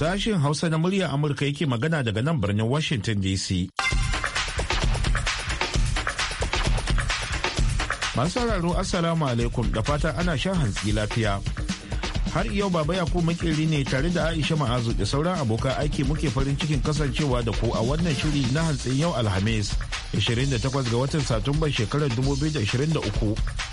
Sashen Hausa na muryar Amurka yake magana daga nan birnin Washington DC. Masu sauraro Assalamu alaikum da fata ana shan hantsi lafiya. Har yau Baba Yaku makeri ne tare da Aisha Ma'azu da sauran abokan aiki muke farin cikin kasancewa da ku a wannan shiri na hantsin yau Alhamis 28 ga watan Satumba shekarar 2023.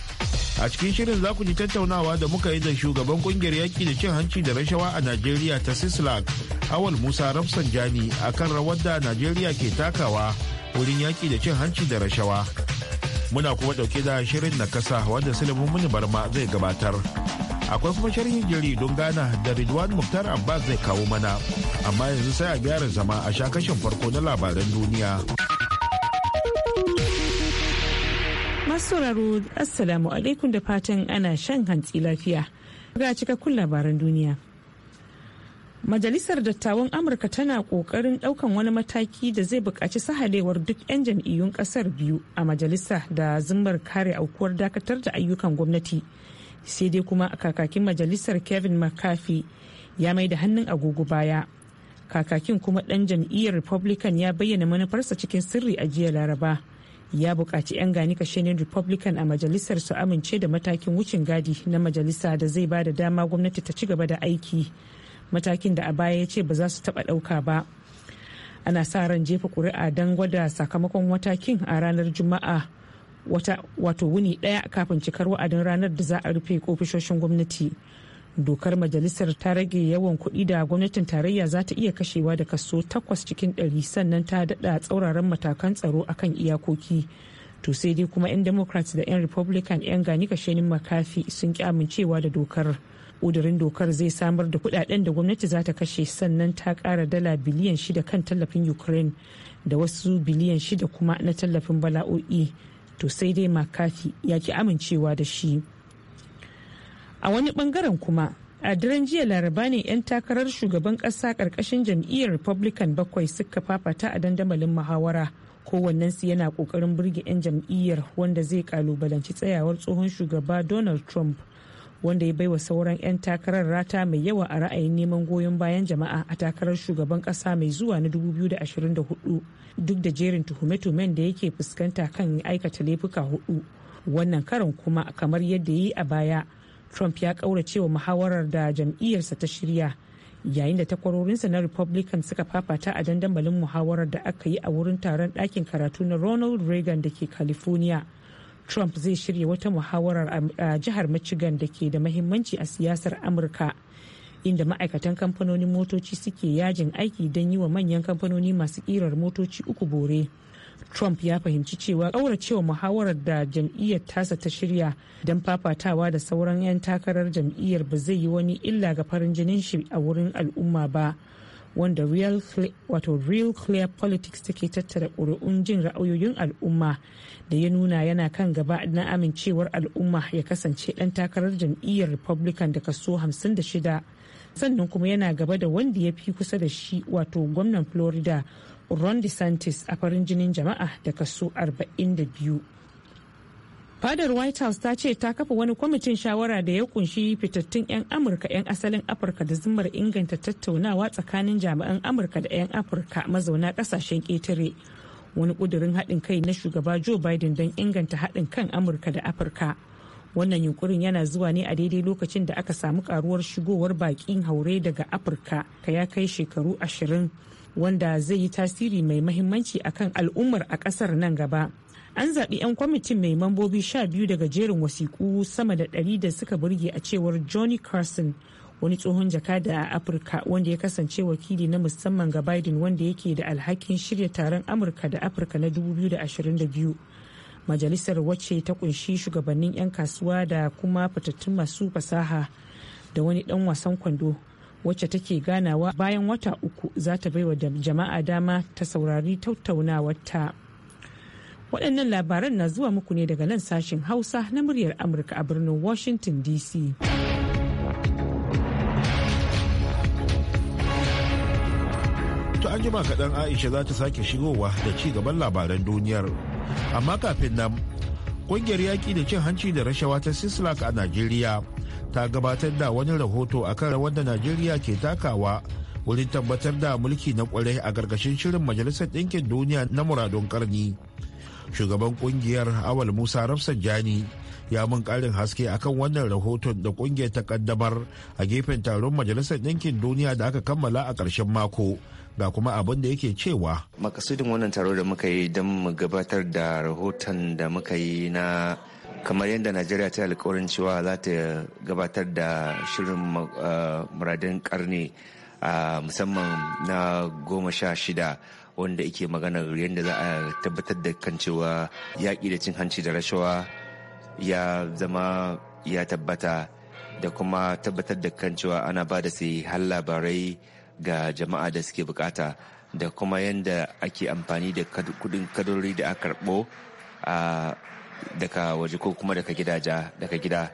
a cikin shirin za ku ji tattaunawa da muka yi da shugaban kungiyar yaƙi da cin hanci da rashawa a najeriya ta sislak awal musa jani a kan rawar da najeriya ke takawa wurin yaƙi da cin hanci da rashawa muna kuma ɗauke da shirin na kasa wanda silimin muni barma zai gabatar akwai kuma sharhin jiri don gana da ridwan muktar abbas zai kawo mana amma yanzu sai a gyara zama a sha kashin farko na labaran duniya. Masu sauraro Assalamu alaikum da fatan ana shan hantsi lafiya. Ga cikakkun labaran duniya. Majalisar Dattawan Amurka tana kokarin ɗaukan wani mataki da zai bukaci sahalewar duk 'yan jam'iyyun ƙasar biyu a majalisa da zimmar kare aukuwar dakatar da ayyukan gwamnati. Sai dai kuma kakakin majalisar Kevin McCarthy ya mai da hannun agogo baya. Kakakin kuma ɗan jam'iyyar Republican ya bayyana manufarsa cikin sirri a jiya Laraba. ya buƙaci 'yan gani kashenin republican a majalisar su amince da matakin wucin gadi na majalisa da zai ba da dama gwamnati ta ci gaba da aiki matakin da a baya ya ce ba za su taɓa ɗauka ba ana sa ran jefa ƙuri'a don gwada sakamakon matakin a ranar juma'a wato wuni ɗaya kafin cikar wa'adin ranar da za a rufe ofishoshin gwamnati. dokar majalisar ta rage yawan kuɗi da gwamnatin tarayya za ta iya kashewa da kaso takwas cikin ɗari sannan ta daɗa tsauraran matakan tsaro akan iyakoki to sai dai kuma 'yan democrats da 'yan republican 'yan gani kashenin makafi sun ki amincewa da dokar ƙudurin dokar zai samar da kuɗaɗen da gwamnati za ta kashe sannan ta ƙara dala biliyan shida kan tallafin ukraine da wasu biliyan shida kuma na tallafin bala'o'i to sai dai makafi ya ki amincewa da shi a wani bangaren kuma a daren jiya laraba ne 'yan takarar shugaban kasa karkashin jam'iyyar republican bakwai suka fafata a dandamalin muhawara kowannensu yana kokarin burge 'yan jam'iyyar wanda zai kalubalanci tsayawar tsohon shugaba donald trump wanda ya baiwa sauran 'yan takarar rata mai yawa a ra'ayin neman goyon bayan jama'a a takarar shugaban kasa mai zuwa na 2024 duk da jerin tuhume-tuhumen da yake fuskanta kan aikata laifuka hudu wannan karin kuma kamar yadda yi a baya trump ya ƙaurace wa muhawarar da jam'iyyarsa ta shirya yayin da takwarorinsa na republican suka fafata a dandamalin muhawarar da aka yi a wurin taron ɗakin karatu na ronald reagan da ke california trump zai shirya wata muhawarar a jihar michigan da ke da mahimmanci a siyasar amurka inda ma'aikatan kamfanonin motoci suke yajin aiki don yi wa manyan kamfanoni masu ƙirar motoci uku bore. Trump ya fahimci cewa ƙauracewa muhawarar da jam'iyyar tasa ta shirya don fafatawa da sauran 'yan takarar jam'iyyar ba zai yi wani illa ga farin jinin shi a wurin al'umma ba. wanda real real clear politics take tattara ƙuri'un jin ra'ayoyin al'umma da ya nuna yana kan gaba na amincewar al'umma ya kasance ɗan takarar jam'iyyar republican da kaso 56 sannan kuma yana gaba da wanda ya fi kusa da shi wato gwamnan florida ron desantis a farin jinin jama'a da kaso 42 fadar white house ta ce ta kafa wani kwamitin shawara da ya kunshi fitattun 'yan amurka 'yan asalin afirka da zimmar inganta tattaunawa tsakanin jami'an amurka da 'yan afirka mazauna kasashen ƙetare wani ƙudurin haɗin kai na shugaba joe biden don inganta haɗin kan amurka da afirka wannan yunkurin yana zuwa ne a daidai lokacin da aka samu karuwar shigowar baƙin haure daga afirka ka ya kai shekaru ashirin wanda zai yi tasiri mai mahimmanci akan al'ummar a kasar nan gaba an zaɓi 'yan kwamitin mai mambobi sha biyu daga jerin wasiƙu sama da ɗari da suka burge a cewar johnny carson wani tsohon jakada a afirka wanda ya kasance wakili na musamman ga biden wanda yake da alhakin shirya taron amurka da afirka na 2022 majalisar wacce ta kunshi shugabannin 'yan kasuwa da kuma fitattun masu fasaha da wani dan wasan kwando wacce take ganawa bayan wata uku za ta baiwa jama'a dama ta saurari tattaunawarta. Waɗannan labaran na zuwa muku ne daga nan sashen Hausa na muryar Amurka a birnin Washington DC. an jima kaɗan Aisha za ta sake shigowa da ci gaban labaran duniyar. Amma kafin nan, ƙungiyar yaƙi da cin hanci da rashawa ta Sislak a Najeriya. ta gabatar da wani rahoto a kan rawar da najeriya ke takawa wurin tabbatar da mulki na kwarai a gargashin shirin majalisar ɗinkin duniya na muradun karni shugaban kungiyar awal musa rafsan jani ya mun karin haske akan wannan rahoton da kungiyar ta kaddamar a gefen taron majalisar ɗinkin duniya da aka kammala a ƙarshen mako ga kuma abin da yake cewa makasudin wannan taro da muka yi don mu gabatar da rahoton da muka yi na kamar yadda najeriya ta alkawarin cewa za ta gabatar da shirin uh, muradin karni uh, musamman na goma sha shida wanda ike magana yadda za a tabbatar da kan cewa yaƙi da cin hanci da rashawa ya zama ya tabbata da kuma tabbatar da kan cewa ana ba da sai har labarai ga jama'a da suke bukata da kuma yadda ake amfani da kuɗin kadori da aka karɓo a uh, daga waje ko kuma daga gidaja daga gida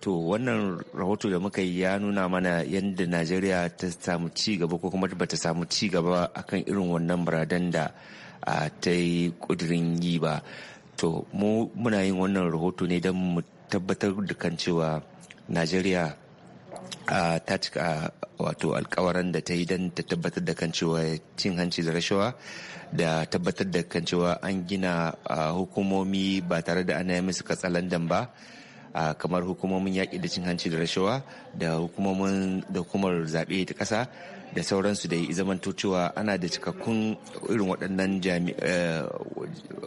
to wannan rahoto da muka yi ya nuna mana yadda najeriya ta samu ci gaba ko kuma ba ta samu ci gaba akan irin wannan buradan da ta yi kudirin yi ba to mu muna yin wannan rahoto ne don mu tabbatar da kan cewa najeriya ta cika wato alkawaran da ta yi don ta tabbatar da kan cewa cin hanci da rashawa da tabbatar da kan cewa an gina hukumomi ba tare da ana yi musu katsalandan ba kamar hukumomin yaƙi da cin hanci da rashawa da hukumomin da hukumar zaɓe ta ƙasa da sauransu da ya zamanto cewa ana da cikakkun irin waɗannan eh,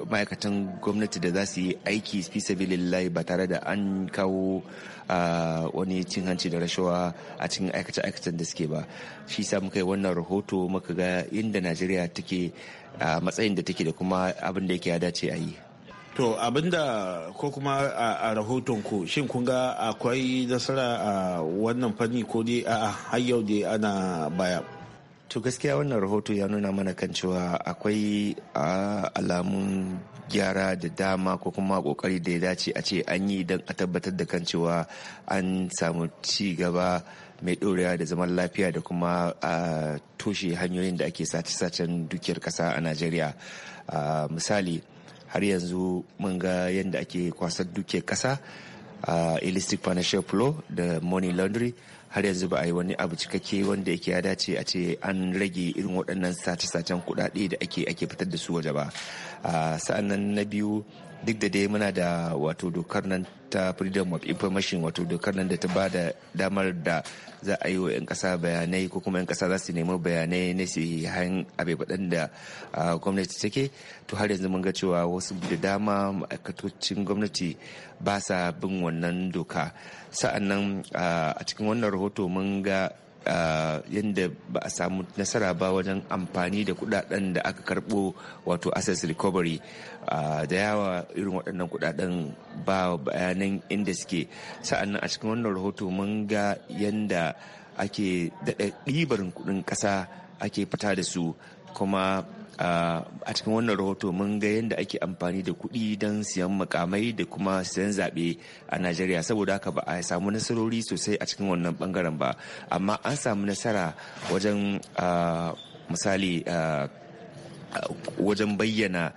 ma'aikatan gwamnati da za su yi aiki fi ba tare da an kawo ah, wani cin hanci da rashawa a cikin aikace-aikacen da suke ba shi sa muka yi wannan rahoto muka ga inda najeriya take a ah, matsayin da take da kuma abin da yake ya dace a yi To abinda ko kuma a rahoton ku shin kun ga akwai nasara a wannan fanni ko dai a har yau dai ana baya. To gaskiya wannan rahoto ya nuna mana kan cewa akwai alamun gyara da dama ko kuma kokari da ya dace a ce an yi don a tabbatar da kan cewa an samu ci gaba mai ɗorewa da zaman lafiya da kuma a toshe hanyoyin da ake sace-sacen dukiyar ƙasa a Najeriya. Misali. har yanzu mun ga yadda ake kwasar duke kasa a elastic financial flow da money laundry har yanzu ba a yi wani abu cikakke wanda yake ya dace a ce an rage irin waɗannan sace-sacen kuɗaɗe da ake ake fitar da su waje ba sa'annan na biyu duk da dai muna da wato dokar nan ta freedom of information wato dokar nan da ta ba da damar da za a yi wa 'yan kasa bayanai ko kuma 'yan kasa za su nemi bayanai na su hayan abe baɗan da gwamnati take to har yanzu mun ga cewa wasu da dama ma'aikatocin gwamnati ba sa bin wannan doka sa'an nan a cikin wannan rahoto mun ga yadda ba a samu nasara ba wajen amfani da kudaden da aka karbo wato access recovery da yawa irin waɗannan kudaden ba bayanan inda suke sa'annan a cikin wannan rahoto mun ga yadda ake daɗa ɗibarin kudin ƙasa ake fita da su kuma a cikin wannan rahoto mun ga yadda ake amfani da kuɗi don siyan makamai da kuma siyan zaɓe a najeriya saboda haka ba a samu nasarori sosai a cikin wannan bangaren ba amma an samu nasara wajen misali wajen bayyana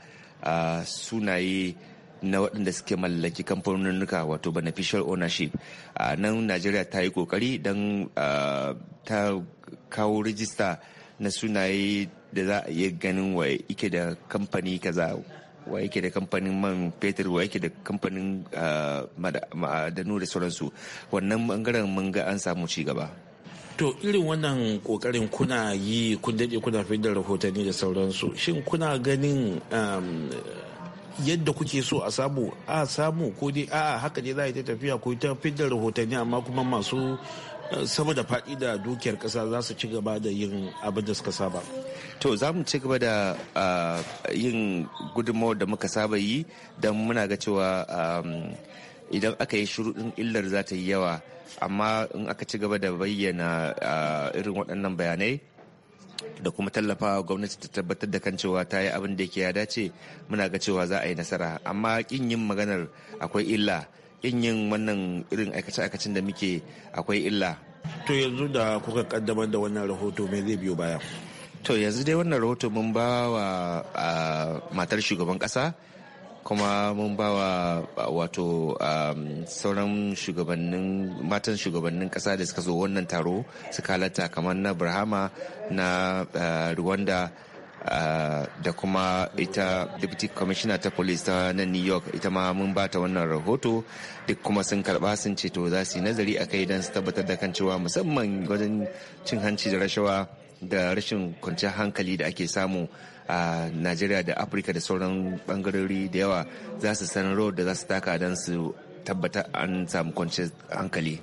sunaye na waɗanda suke mallaki kamfanonuka wato beneficial ownership nan najeriya ta yi ƙoƙari don ta kawo rijista na sunaye da za a iya ganin wa yake da kamfani kaza wa yake da kamfanin man fetur wa yake da kamfanin ah, ma'adanu da sauransu wannan bangaren mun ga an samu ci gaba to irin wannan kokarin kuna yi kun daɗe kuna fi da rahotanni da sauransu shin kuna ganin yadda kuke so a samu a samu ko dai a haka ne za a ta tafiya ko ta fidda rahotanni amma kuma masu saboda da faɗi da dukiyar ƙasa za su ci gaba da yin abin da suka saba. To za mu ci gaba da yin gudunmawar da muka saba yi don muna ga cewa idan aka yi shuruɗin illar za ta yi yawa amma in aka ci gaba da bayyana irin waɗannan bayanai da kuma tallafawa gwamnati ta tabbatar da kan cewa ta yi abin da ya dace muna ga cewa za a yi nasara amma kin yin maganar akwai illa in yin wannan irin aikace-aikacen da muke akwai illa to yanzu da kuka kaddamar da wannan rahoto mai zai biyo baya to yanzu dai wannan rahoto mun ba wa matar shugaban kasa kuma mun ba wa wato sauran shugabannin matan shugabannin kasa da suka zo wannan taro suka halatta kamar na burhama na rwanda Ah, da kuma ita deputy commissioner ta police ta nan new york ita ma mun bata wannan rahoto duk kuma sun karba sun ce to za su yi nazari a kai don su tabbatar da kan cewa musamman wajen cin hanci da rashawa da rashin kwanciyar hankali da ake samu a najeriya da afirka da sauran bangarori da yawa za su san rawar da za su taka don su tabbatar an samu kwanciyar hankali.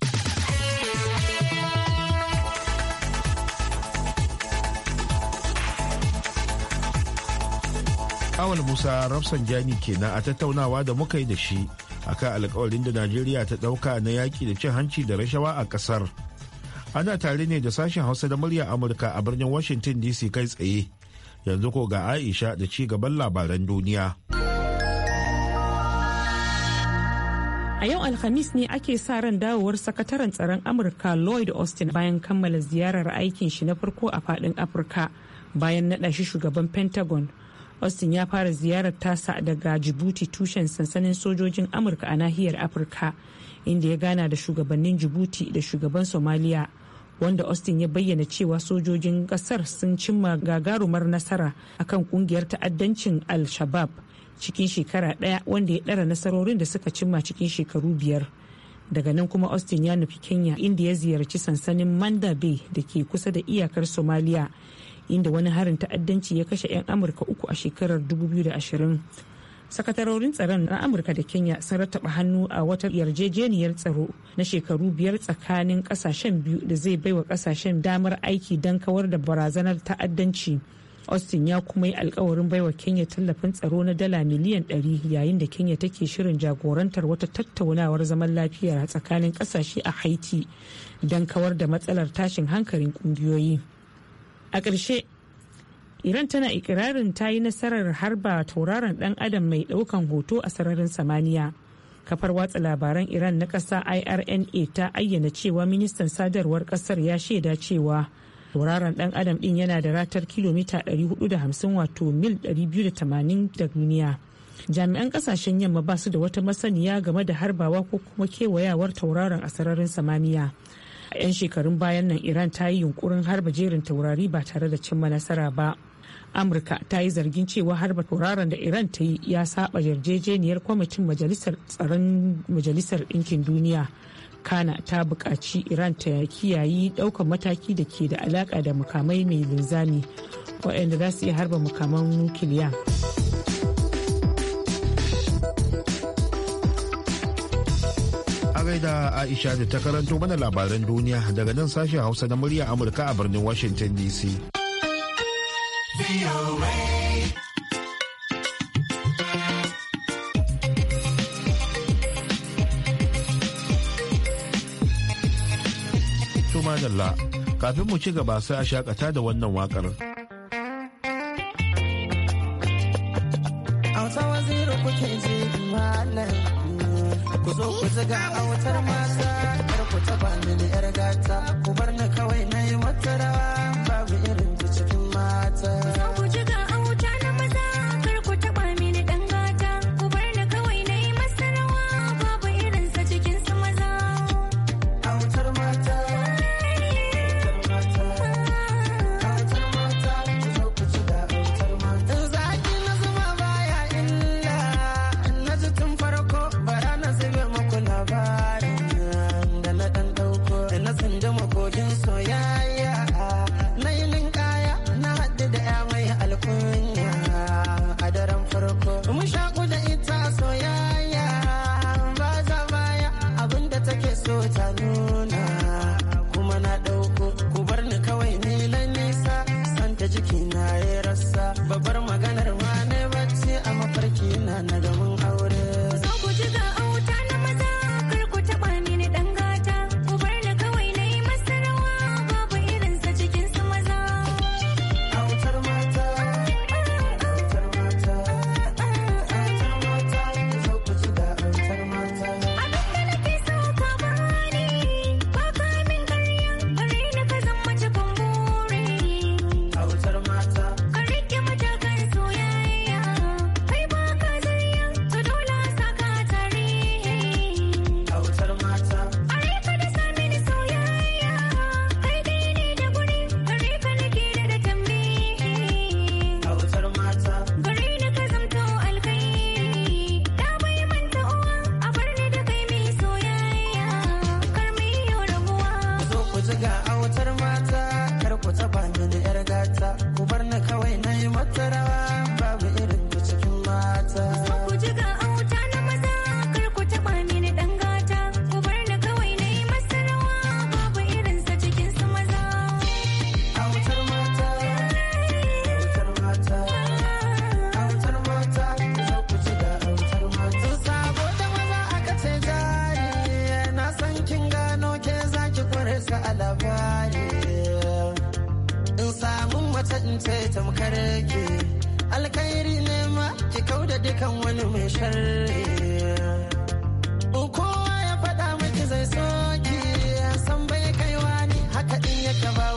awal musa rafsan ke kenan a tattaunawa da muka yi da shi a akan alkawarin da najeriya ta ɗauka na yaƙi da cin hanci da rashawa a ƙasar ana tare ne da sashen hausa da murya amurka a birnin washington dc kai tsaye yanzu ko ga aisha da ci gaban labaran duniya a yau alhamis ne ake sa ran dawowar sakataren tsaron amurka lloyd austin bayan kammala ziyarar aikin shi na farko a faɗin afirka bayan naɗa shi shugaban pentagon austin ya fara ziyarar tasa daga jibuti tushen sansanin sojojin amurka a nahiyar afirka inda ya gana da shugabannin jibuti da shugaban somaliya wanda austin ya bayyana cewa sojojin kasar sun cimma gagarumar nasara akan kungiyar ta'addancin al-shabab cikin shekara ɗaya wanda ya ɗara nasarorin da suka cimma cikin shekaru biyar daga nan kuma austin ya nufi kenya inda ya ziyarci sansanin manda bay da ke kusa da iyakar somaliya inda wani harin ta'addanci ya kashe 'yan amurka uku a shekarar 2020 sakatarorin tsaron na amurka da kenya sun rattaba hannu a wata yarjejeniyar tsaro na shekaru biyar tsakanin kasashen biyu da zai baiwa kasashen damar aiki don kawar da barazanar ta'addanci austin ya kuma yi alkawarin baiwa kenya tallafin tsaro na dala miliyan 100 yayin da kenya take shirin jagorantar wata tattaunawar zaman lafiya tsakanin kasashe a haiti don kawar da matsalar tashin hankalin kungiyoyi. a ƙarshe iran tana ikirarin ta yi nasarar harba tauraron dan adam mai daukan hoto a sararin samaniya kafar watsa labaran iran na ƙasa irna ta ayyana cewa ministan sadarwar ƙasar ya shaida cewa tauraron dan adam din yana da ratar kilomita 450 wato mil 280 da duniya jami'an ƙasashen yamma ba su da wata masaniya game da harbawa ko kuma kewayawar tauraron a sararin samaniya 'yan shekarun bayan nan iran ta yi yunkurin harba jerin taurari ba tare da cimma nasara ba amurka ta yi zargin cewa harba tauraron da iran ta yi ya saba yarjejeniyar kwamitin majalisar tsaron majalisar ɗinkin duniya kana ta buƙaci iran ta kiyaye ɗaukar mataki da ke da alaƙa da mukamai mai linzami waɗanda za su iya harba mukaman nukiliya. A gaida Aisha da ta karanto mana labaran duniya daga nan sashen Hausa na murya Amurka a birnin Washington DC. kafin mu ci gaba sai a shakata da wannan wakar. I got wutar wata in ce tamkar ke alkhairi ne ma ki kau da dukan wani mai sharri kowa ya faɗa miki zai soki san bai kaiwa ni haka in ya gaba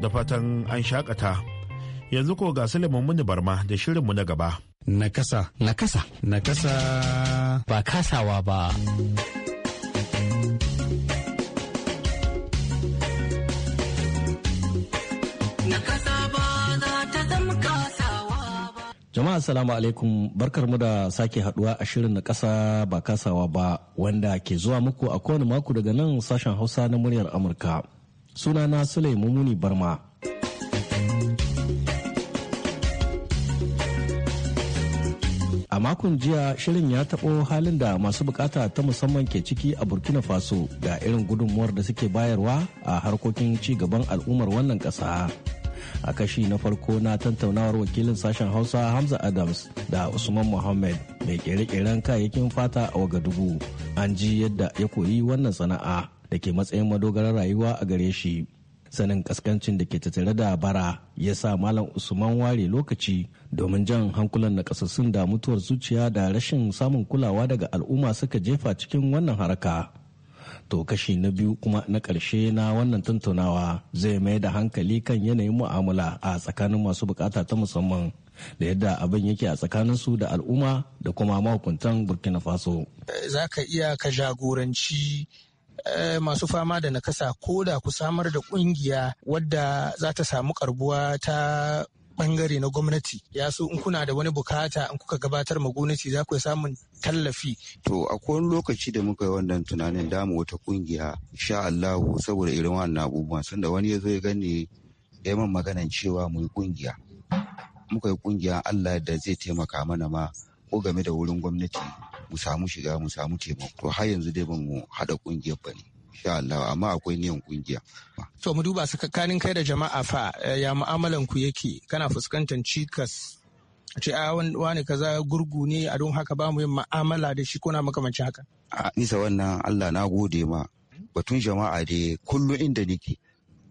da fatan an shakata yanzu ko ga Suleiman Muni Barma da shirinmu na gaba. Nakasa. Nakasa. Nakasa. Ba kasawa ba. Jama'a salamu alaikum barkar mu da sake haduwa a shirin na kasa ba kasawa ba wanda ke zuwa muku a kowane mako daga nan sashen hausa na muryar Amurka. sunana Sulaimu Muni Barma. A makon jiya shirin ya taɓo halin da masu bukata ta musamman ke ciki a Burkina Faso da irin gudunmuwar da suke bayarwa a harkokin ci gaban al'ummar wannan ƙasa. a kashi na farko na tantaunawar wakilin sashen hausa hamza adams da usman muhammad mai kere-keren kayayyakin fata a dubu an ji yadda ya koyi wannan sana'a da ke matsayin madogarar rayuwa a gare shi sanin kaskancin da ke tattare da bara ya sa malam usman ware lokaci domin jan hankulan nakasassun da mutuwar zuciya da rashin samun kulawa daga al'umma suka jefa cikin wannan haraka to kashi na biyu kuma na ƙarshe na wannan tantunawa zai mai da hankali kan yanayin mu'amala a tsakanin masu bukata ta musamman da yadda abin yake a tsakanin su da al'umma da kuma mahukuntan burkina faso za ka iya ka jagoranci Eh, masu fama da nakasa ko da ku samar da kungiya wadda za ta samu karbuwa ta bangare na gwamnati ya so in kuna da wani bukata in kuka gabatar ma gwamnati za ku samun tallafi. To akwai wani lokaci da muka yi wannan tunanin damu wata kungiya sha Allahu saboda irin wannan abubuwan sanda wani ya zo ya gani ya yi maganan cewa mu yi kungiya. Muka yi kungiya Allah da zai taimaka mana ma ko game da wurin gwamnati mu samu shiga mu samu taimako to har yanzu dai ban mu haɗa ƙungiyar ba ne insha Allah amma akwai niyan kungiya. To mu duba su tsakanin kai da jama'a fa eh, ya mu'amalan ku yake kana fuskantar cikas ce a ah, wani kaza gurgu ne a don haka ba mu yin mu'amala da shi kuna makamancin haka. A nisa wannan Allah na gode ma batun jama'a da kullum inda nake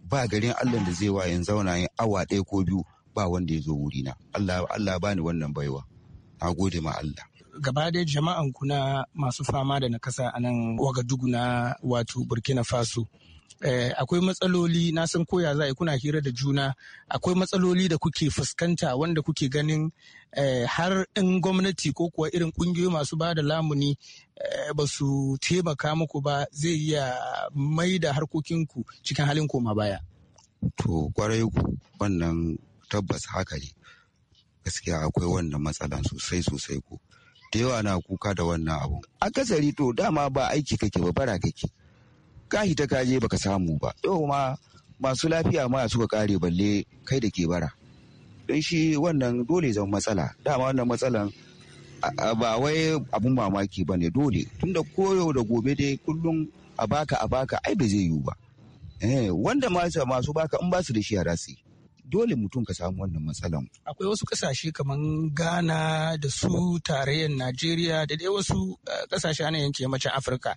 ba garin Allah da zai wayan zauna yin awa ɗaya ko biyu ba wanda ya zo wurina. Allah Allah bani wannan baiwa. Na gode ma Allah. gaba ɗaya jama'an ku na masu fama da nakasa a nan wagadugu na wato burkina faso Eh, akwai matsaloli na san koya za a kuna hira da juna akwai matsaloli da kuke fuskanta wanda kuke ganin eh, har in gwamnati ko kuwa irin kungiyoyi masu ba da lamuni eh, ba su taimaka muku ba zai iya mai da harkokinku cikin halin koma baya. To kwarai wannan tabbas haka ne gaskiya akwai wannan matsalan sosai sosai ku. da yawa na kuka da wannan abu akasari to dama ba aiki kake ba bara kake ka hita kaje je baka samu ba yau ma masu lafiya ma suka kare balle kai da ke bara don shi wannan dole zan matsala dama wannan matsalan ba wai abun mamaki ba ne dole tunda koyo da gobe dai kullum a baka a baka ai ba zai yiwu ba eh, wanda masu masu baka in ba su da shi a rasi dole mutum ka samu wannan matsalan. Akwai wasu kasashe kamar Ghana da su tarayyar Najeriya da dai wasu kasashe eh, ana yanke yammacin Afirka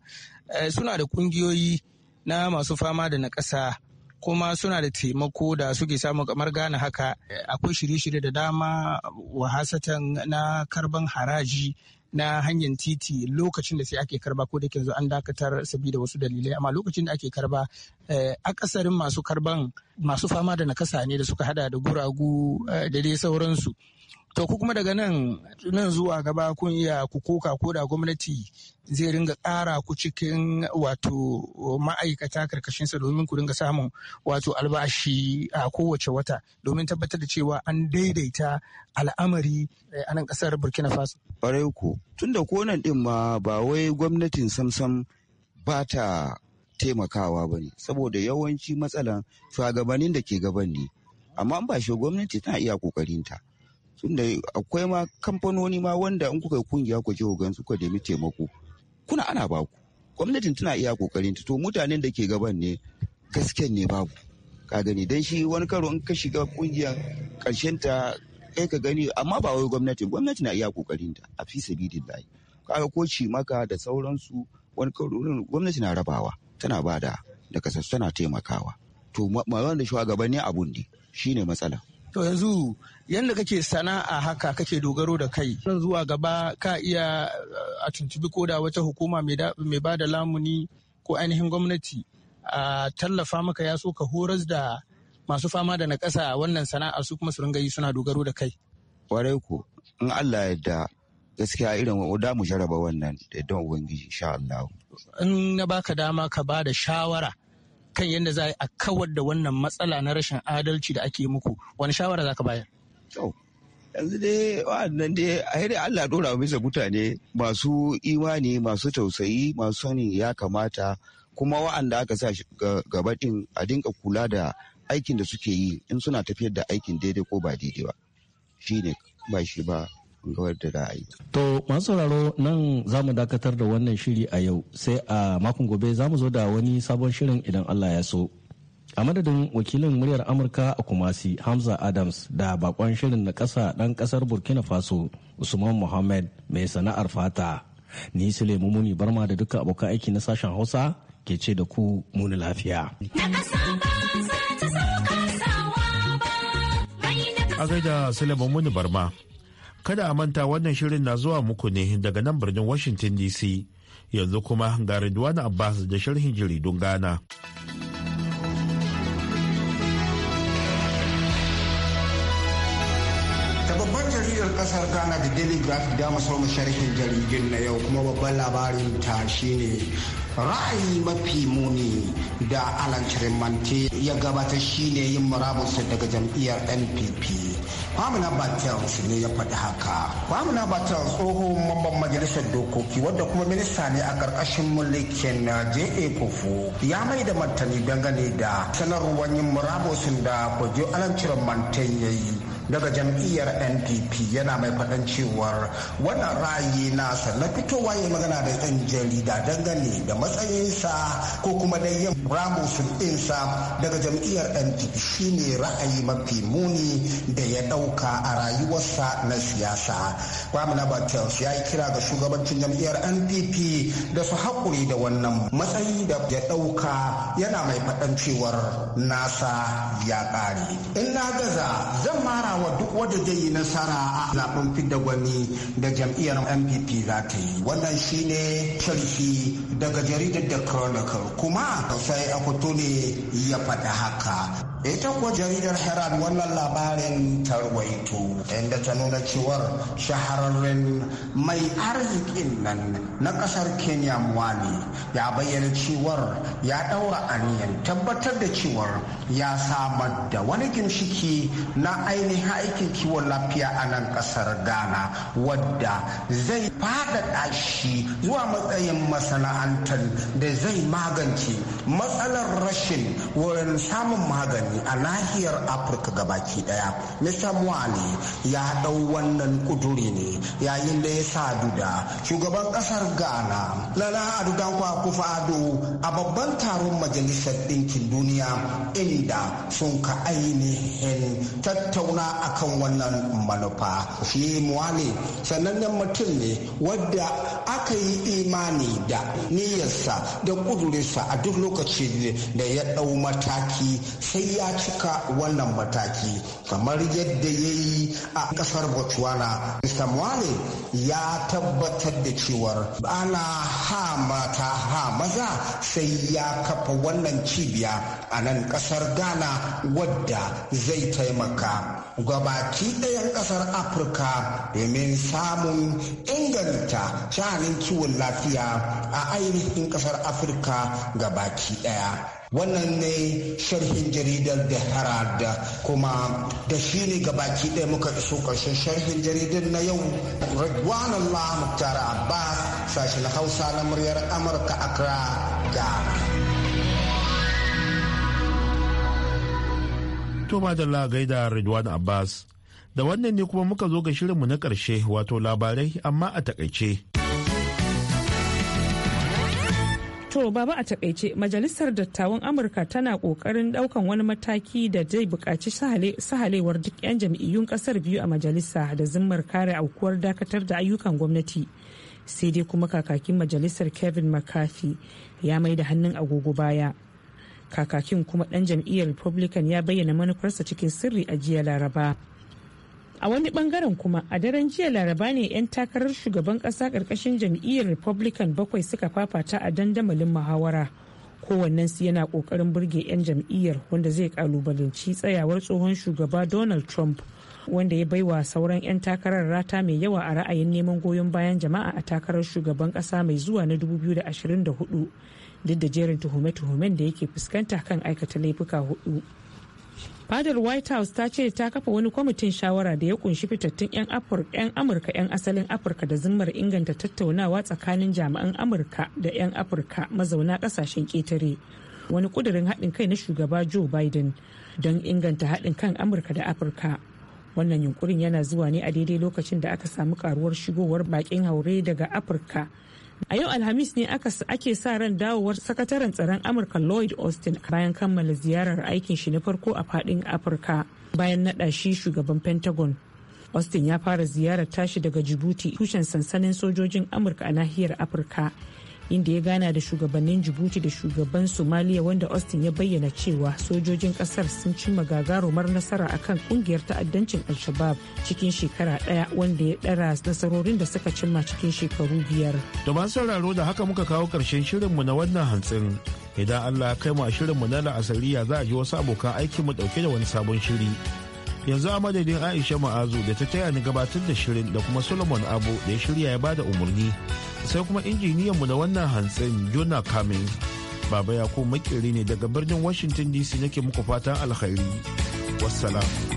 eh, suna da kungiyoyi na masu fama da na ƙasa kuma suna da taimako da suke samu kamar Ghana haka eh, akwai shirye-shirye da dama wa wahasatan na karban haraji na hanyar titi lokacin da sai ake karba ko da yanzu an dakatar saboda wasu dalilai amma lokacin da ake karba eh, akasarin masu karban masu fama da nakasa ne da suka hada da guragu eh, da dai sauransu to ku kuma daga nan nan zuwa gaba kun iya ku koka ko da gwamnati zai ringa ƙara ku cikin wato ma'aikata sa domin ku ringa samun wato albashi a kowace wata domin tabbatar da cewa an daidaita al'amari eh, a nan ƙasar burkina faso ƙwarai ku tun da konan ɗin ma ba wai gwamnatin samsam ba ta taimakawa ba ne saboda yawanci matsalan shugabannin da ke gaban ne amma ba shi gwamnati tana iya ƙoƙarinta. ta tunda akwai ma kamfanoni ma wanda in kuka yi kungiya ku je ku gan nemi taimako kuna ana baku gwamnatin tana iya kokarin ta to mutanen da ke gaban ne gasken ne babu ka gani dan shi wani karo in ka shiga kungiya karshen ta kai ka gani amma ba wai gwamnati gwamnati na iya kokarin ta a fi sabilillahi kaga ko ci maka da sauransu wani karo gwamnati na rabawa tana bada da kasassu tana taimakawa to ma wanda shugabanni abun ne shine matsala to yanzu yadda kake sana'a haka kake dogaro da kai nan zuwa gaba ka iya a tuntubi ko da wata hukuma mai ba da lamuni ko ainihin gwamnati a tallafa maka ya so ka horas da masu fama da na ƙasa wannan sana'a su kuma su ringa yi suna dogaro da kai kwarai ku in Allah yarda gaskiya irin da mu jaraba wannan da don ubangiji insha Allah in na baka dama ka ba da shawara kan yadda za a kawar da wannan matsala na rashin adalci da ake muku wani shawara za ka bayar yanzu dai wa'annan dai a yadda Allah dora bisa mutane masu imani masu tausayi masu sanin ya kamata kuma wa'anda aka sa gaba din a dinka kula da aikin da suke yi in suna tafiyar da aikin daidai ko ba daidai ba shi ne ba shi ba ga wadda za a yi. To masu sauraro nan za mu dakatar da wannan shiri a yau sai a makon gobe za mu zo da wani sabon shirin idan Allah ya so. A madadin wakilin muryar Amurka a Kumasi Hamza Adams da bakon shirin na kasa dan kasar Burkina Faso Usman Mohammed mai sana'ar fata. Ni Sulaimu Muni Barma da duka abokan aiki na sashen Hausa ke ce da ku muni lafiya. A gaida Sulaimu Muni Barma. Kada a manta wannan shirin na zuwa muku ne daga nan birnin Washington DC. Yanzu kuma ga Ridwan Abbas da sharhin jaridun Ghana. kasar ghana da daily graph da masu sharhin jaridin na yau kuma babban labarin ta ne ra'ayi mafi muni da alan mante ya gabatar shine yin murabusa daga jam'iyyar npp Kwamina Batel shi ne ya faɗi haka. Kwamina Batel tsohon mamban majalisar dokoki wadda kuma minista ne a ƙarƙashin mulkin uh, J.A. Kofu ya mai da martani dangane da sanarwar yin murabusin da Kojo Mantan ya yi daga jam'iyyar npp yana mai faɗan cewar wannan ra'ayi nasa na fitowa ya magana da yan jarida dangane da matsayinsa ko kuma da yin ramusun ɗinsa daga jam'iyyar npp shine ra'ayi mafi muni da ya ɗauka a rayuwarsa na siyasa ramana bartels ya yi kira ga shugabancin jam'iyyar npp da su haƙuri da wannan matsayi da ya ɗauka yana mai faɗan cewar nasa ya ƙare in na gaza zan mara wa duk wanda zai yi nasara a zaben fidda gwani da jam'iyyar MPP za ta yi. Wannan shine sharhi daga jaridar da chronicle kuma sai a fito ne ya faɗi haka ita kuwa jaridar herald wannan labarin tarwaito inda ta nuna cewar shahararren mai arzikin nan na kasar kenya muwani ya bayyana cewar ya ɗaura aniyan tabbatar da cewar ya samar da wani ginshiki na ainihin aikin kiwon lafiya a nan kasar ghana wadda zai faɗaɗa shi zuwa matsayin masana'anta masana'antar da zai magance matsalar rashin wurin samun magani a nahiyar afirka gabaki daya mr muwale ya dau wannan kuduri ne yayin da ya sa duda shugaban kasar ghana lala adu dankwa ado a babban taron majalisar ɗinkin duniya inda sun ka ainihin tattauna akan wannan manufa shi muwale sanannen mutum ne wadda aka yi imani da niyyarsa da kudurinsa a duk lokacin da ya ɗau mataki sai ya cika wannan mataki kamar yadda ya yi a ƙasar botswana samuale ya tabbatar da cewar ana ha mata ha maza sai ya kafa wannan cibiya a nan ƙasar ghana wadda zai taimaka gabaki ɗayan ƙasar afirka domin samun inganta shanin kiwon lafiya a ainihin kasar afirka ga baki daya wannan ne sharhin jaridar da herald kuma da shi ne ga baki ɗaya muka iso ƙarshen sharhin jaridar na yau radwan allah muktar abbas na hausa na muryar amurka accra ga To madalla gaida Ridwan Abbas. Da wannan ne kuma muka zo ga shirinmu na ƙarshe wato labarai amma a takaice. To baba a takaice majalisar dattawan Amurka tana kokarin daukan wani mataki da zai buƙaci sahalewar duk 'yan jam'iyyun kasar biyu a majalisa da zimmar kare aukuwar dakatar da ayyukan gwamnati. Sai dai kuma kakakin majalisar Kevin McCarthy ya mai da hannun agogo baya. Kakakin kuma ɗan jam'iyyar Republican ya bayyana manufarsa cikin sirri a jiya Laraba. a wani bangaren kuma a daren jiya laraba ne 'yan takarar shugaban kasa karkashin jam'iyyar republican bakwai suka fafata a dandamalin muhawara su yana kokarin burge 'yan jam'iyyar wanda zai kalubalanci tsayawar tsohon shugaba donald trump wanda ya baiwa sauran 'yan takarar rata mai yawa a ra'ayin neman goyon bayan jama'a a takarar shugaban kasa mai zuwa na 2024 duk da jerin tuhume-tuhumen da yake fuskanta kan aikata laifuka hudu. fadar white house ta ce ta kafa wani kwamitin shawara da ya kunshi fitattun 'yan amurka 'yan asalin afirka da zimmar inganta tattaunawa tsakanin jami'an amurka da 'yan afirka mazauna kasashen ketare wani kudirin haɗin kai na shugaba joe biden don inganta haɗin kan amurka da afirka wannan yunkurin yana zuwa ne a daidai lokacin da aka samu karuwar shigowar bakin haure daga afirka A yau Alhamis ne ake sa ran dawowar sakataren tsaron Amurka Lloyd Austin bayan kammala ziyarar aikin shi na farko a fadin Afirka bayan naɗa shi shugaban Pentagon. Austin ya fara ziyarar tashi daga Djibouti tushen sansanin sojojin Amurka a nahiyar Afirka inda ya gana da shugabannin jibuti da shugaban somaliya wanda austin ya bayyana cewa sojojin kasar sun cimma gagarumar nasara a kan kungiyar ta'addancin al-shabab cikin shekara daya wanda ya dara nasarorin da suka cimma cikin shekaru biyar da masu sauraro da haka muka kawo karshen shirinmu na wannan hantsin idan allah ya kai mu a shirinmu na la'asariya za a ji wasu abokan aikinmu dauke da wani sabon shiri yanzu a madadin aisha ma'azu da ta taya ni gabatar da shirin da kuma solomon abu da ya shirya ya bada umarni sai kuma injiniyanmu na wannan hantsin jona kamin baba ya ko makiri ne daga birnin washington dc nake muku fatan alkhairi wassalam